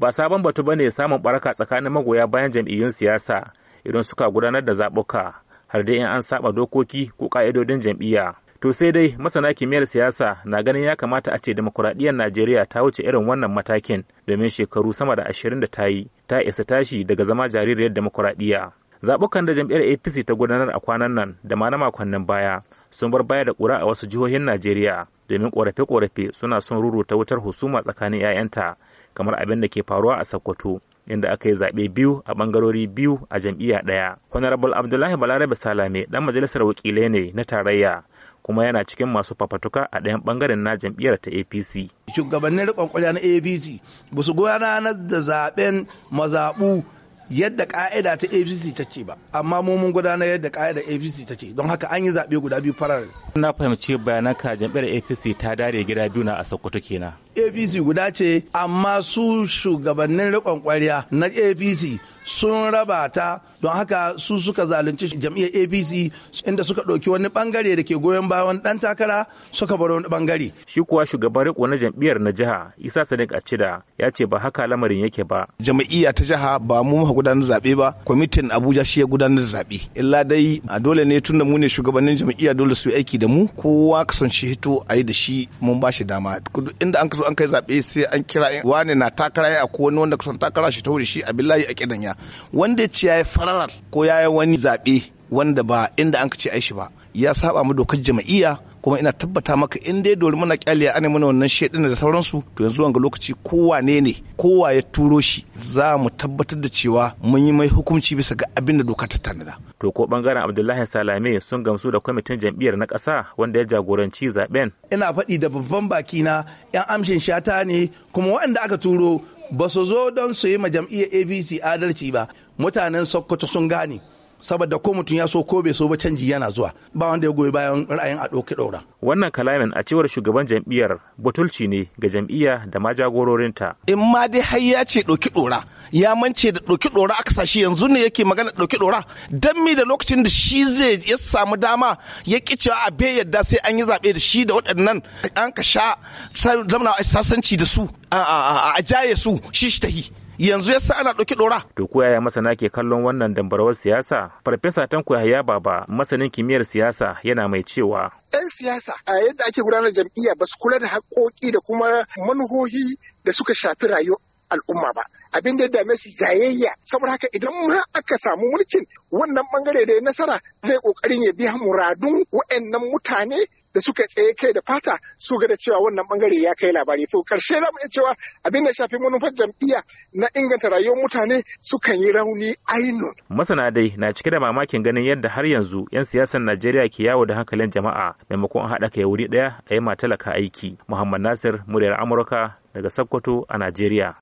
ba sabon batu bane samun baraka tsakanin magoya bayan jam'iyyun siyasa idan suka gudanar da zaɓuka har dai in an saba dokoki ko ƙa'idodin jam'iyya to sai dai masana kimiyyar siyasa na ganin ya kamata a ce demokuraɗiyyar najeriya ta wuce irin wannan matakin domin shekaru sama da ashirin da ta yi ta isa tashi daga zama jaririyar demokuraɗiyya zaɓukan da jam'iyyar apc ta gudanar a kwanan nan da ma na makonnin baya sun bar baya da kura a wasu jihohin Najeriya domin korafe-korafe suna son ruruta wutar husuma tsakanin 'ya'yanta kamar abin da ke faruwa a Sokoto inda aka yi zaɓe biyu a ɓangarori biyu a jam'iyya ɗaya. Honorable Abdullahi Balarabe Salame ɗan majalisar wakilai ne na tarayya kuma yana cikin masu fafatuka a ɗayan ɓangaren na jam'iyyar ta APC. Shugabannin riƙon na APC ba su gudanar da zaɓen mazaɓu yadda ka'ida ta apc ta ce ba amma mu mun gudanar yadda ka'ida apc ta ce don haka an yi zaɓe guda biyu farar na fahimci bayanan ka jam'iyyar apc ta dare gida biyu na a sokoto kenan apc guda ce amma su shugabannin riƙon ƙwarya na apc sun rabata don haka su suka zalunci jam'iyyar apc inda suka ɗauki wani bangare da ke goyon bayan dan takara suka bar wani bangare shi kuwa shugaban riko na jam'iyyar na jiha isa sadiq da ya ce ba haka lamarin yake ba jam'iyya ta jiha ba mu muka gudanar zaɓe ba kwamitin abuja shi ya gudanar zaɓe illa dai a dole ne tunda mu ne shugabannin jam'iyya dole su aiki da mu kowa kasance hito a yi da shi mun ba shi dama inda an zo an kai zaɓe sai an kira wani na takara ya ko wani wanda kusan takara shi ta wuri shi a billahi a ya wanda ci ya yi fararar ko ya yi wani zaɓe wanda ba inda an ka ce aishi ba ya saba mu dokar jama'iyya kuma ina tabbata maka in dai dole muna kyaliya ana mana wannan shedin da sauransu to yanzu wanga lokaci kowa ne ne kowa ya turo shi za mu tabbatar da cewa mun yi mai hukunci bisa ga abin da doka ta tanada to ko bangaren Abdullahi Salame sun gamsu da kwamitin jam'iyyar na ƙasa wanda ya jagoranci zaben ina faɗi da babban baki na yan amshin shata ne kuma waɗanda aka turo ba su zo don su yi ma jam'iyyar abc adalci ba mutanen sokoto sun gane saboda ko mutum ya so ko bai so ba canji yana zuwa ba wanda ya goyi bayan ra'ayin a ɗauki ɗaura. wannan kalamin a cewar shugaban jam'iyyar butulci ne ga jam'iyya da ma jagororinta. in ma dai har ya ce ɗauki ɗora ya mance da ɗauki ɗora aka sashi yanzu ne yake magana ɗauki ɗora dan mi da lokacin da shi zai ya samu dama ya ki cewa a bai yadda sai an yi zaɓe da shi da waɗannan an ka sha zamana sasanci da su a jaye su shi shi tahi yanzu yasa ana ɗauki ɗora. To ko yaya masana ke kallon wannan dambarwar siyasa? Farfesa Tanko Yahaya Baba masanin kimiyyar siyasa yana mai cewa. 'Yan siyasa a yadda ake gudanar jam'iyya ba su kula da haƙoƙi da kuma manuhohi da suka shafi rayuwar al'umma ba abin da ya dame su jayayya saboda haka idan ma aka samu mulkin wannan bangare da ya nasara zai kokarin ya biya muradun wa'annan mutane da suka tsaye kai da fata su ga da cewa wannan bangare ya kai labari to karshe za mu cewa abin da shafi manufar jam'iyya na inganta rayuwar mutane su kan yi rauni ainun. masana dai na cike da mamakin ganin yadda har yanzu 'yan siyasar najeriya ke yawo da hankalin jama'a maimakon haɗa kai wuri ɗaya a yi matalaka aiki muhammad nasir muryar amurka daga sokoto a najeriya